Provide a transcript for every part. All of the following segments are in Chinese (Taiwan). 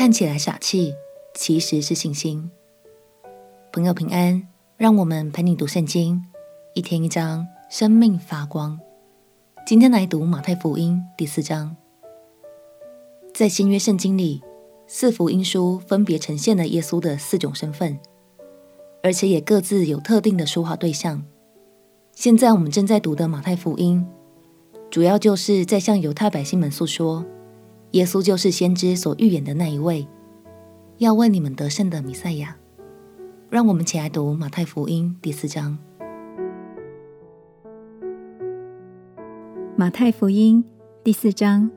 看起來傻氣，其實是信心。朋友平安，讓我們陪你讀聖經，一天一章，生命發光。今天來讀馬太福音第四章。在新約聖經裡，四福音書分別呈現了耶穌的四種身份，而且也各自有特定的說話對象。現在我們正在讀的馬太福音，主要就是在向猶太百姓們訴說。耶穌就是先知所預言的那一位，要問你們得勝的彌賽亞。讓我們一起來讀馬太福音第四章。馬太福音第四章，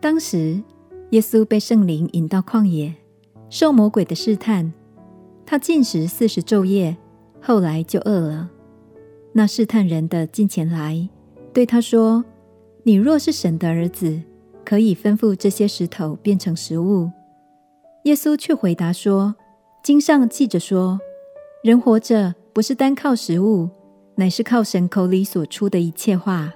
當時耶穌被聖靈引到曠野，受魔鬼的試探。他禁食四十晝夜，後來就餓了。那試探人的近前來，對他說。你若是神的兒子，可以吩咐這些石頭變成食物。耶穌卻回答說：“經上記着說，人活着不是單靠食物，乃是靠神口裡所出的一切話。”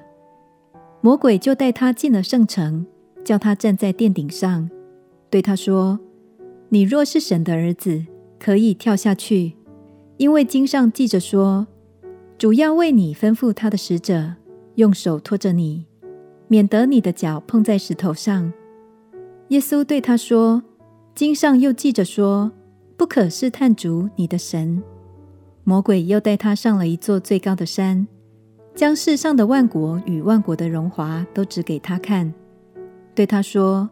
魔鬼就帶他進了聖城，叫他站在殿頂上，對他說：“你若是神的兒子，可以跳下去，因為經上記着說，主要為你吩咐他的使者用手托着你。”免得你的腳碰在石頭上。耶穌對他說：“經上又記着說，不可試探主你的神。”魔鬼又帶他上了一座最高的山，將世上的萬國與萬國的榮華都指給他看，對他說：“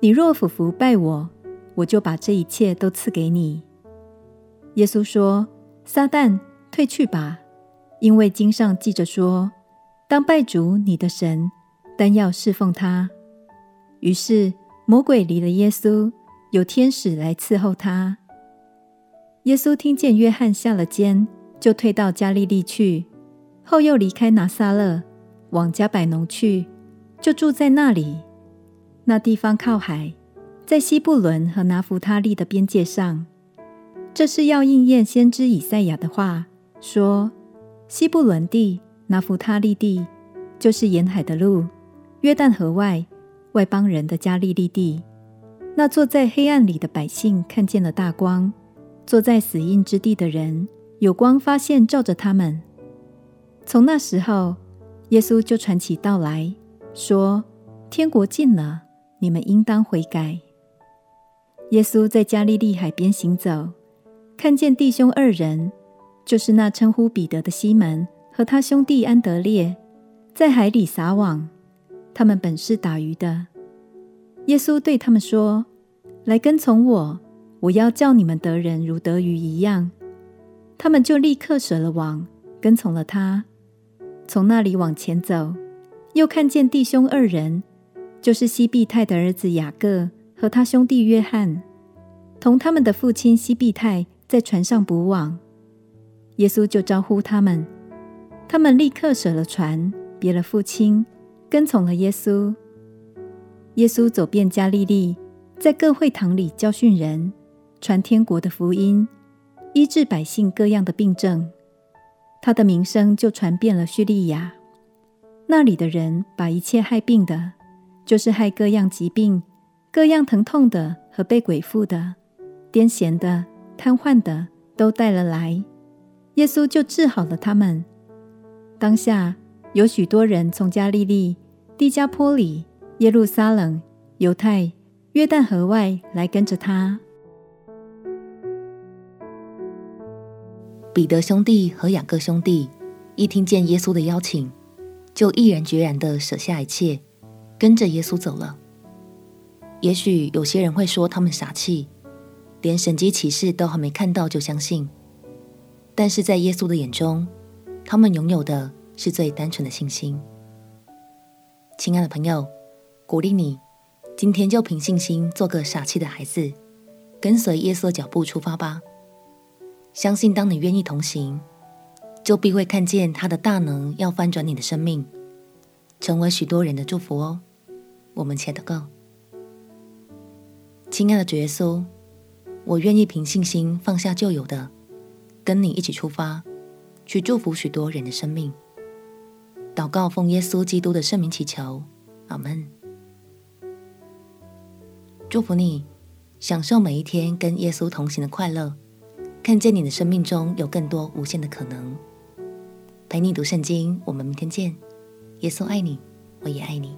你若俯伏拜我，我就把這一切都賜給你。”耶穌說：“撒旦，退去吧！因為經上記着說，當拜主你的神。”但要侍奉他，於是魔鬼離了耶穌，有天使來伺候他。耶穌聽見約翰下了監，就退到加利利去，後又離開拿撒勒，往加百農去，就住在那裡。那地方靠海，在西布倫和拿弗他利的邊界上。這是要應驗先知以賽亞的話，說：“西布倫地、拿弗他利地，就是沿海的路。”約旦河外，外邦人的加利利地，那坐在黑暗裡的百姓看見了大光；坐在死蔭之地的人，有光發現照着他們。從那時候，耶穌就傳起道來說：“天國近了，你們應當悔改。”耶穌在加利利海邊行走，看見弟兄二人，就是那稱呼彼得的西門和他兄弟安德烈，在海裡撒網。他們本是打魚的。耶穌對他們說：“來跟從我，我要叫你們得人如得魚一樣。”他們就立刻捨了網，跟從了他。從那裡往前走，又看見弟兄二人，就是西庇太的兒子雅各和他兄弟約翰，同他們的父親西庇太在船上補網。耶穌就招呼他們，他們立刻捨了船，別了父親。跟從了耶穌。耶穌走遍加利利，在各會堂裡教訓人，傳天國的福音，醫治百姓各樣的病症。他的名聲就傳遍了敘利亞。那裡的人把一切害病的，就是害各樣疾病、各樣疼痛的和被鬼附的、癲癇的、癱瘓的，都帶了來，耶穌就治好了他們。當下有許多人從加利利、低加波利、耶路撒冷、猶太、約旦河外來跟着他。彼得兄弟和雅各兄弟一聽見耶穌的邀請，就毅然決然地捨下一切，跟着耶穌走了。也許有些人會說他們傻氣，連神蹟奇事都還沒看到就相信，但是在耶穌的眼中，他們擁有的是最單純的信心。親愛的朋友，鼓勵你今天就憑信心做個傻氣的孩子，跟隨耶穌的腳步出發吧。相信當你願意同行，就必會看見他的大能要翻轉你的生命，成為許多人的祝福哦。我們且禱告。親愛的主耶穌，我願意憑信心放下舊有的，跟你一起出發，去祝福許多人的生命。禱告，奉耶穌基督的聖名祈求，阿門。祝福你，享受每一天跟耶穌同行的快樂，看見你的生命中有更多無限的可能。陪你讀聖經，我們明天見。耶穌愛你，我也愛你。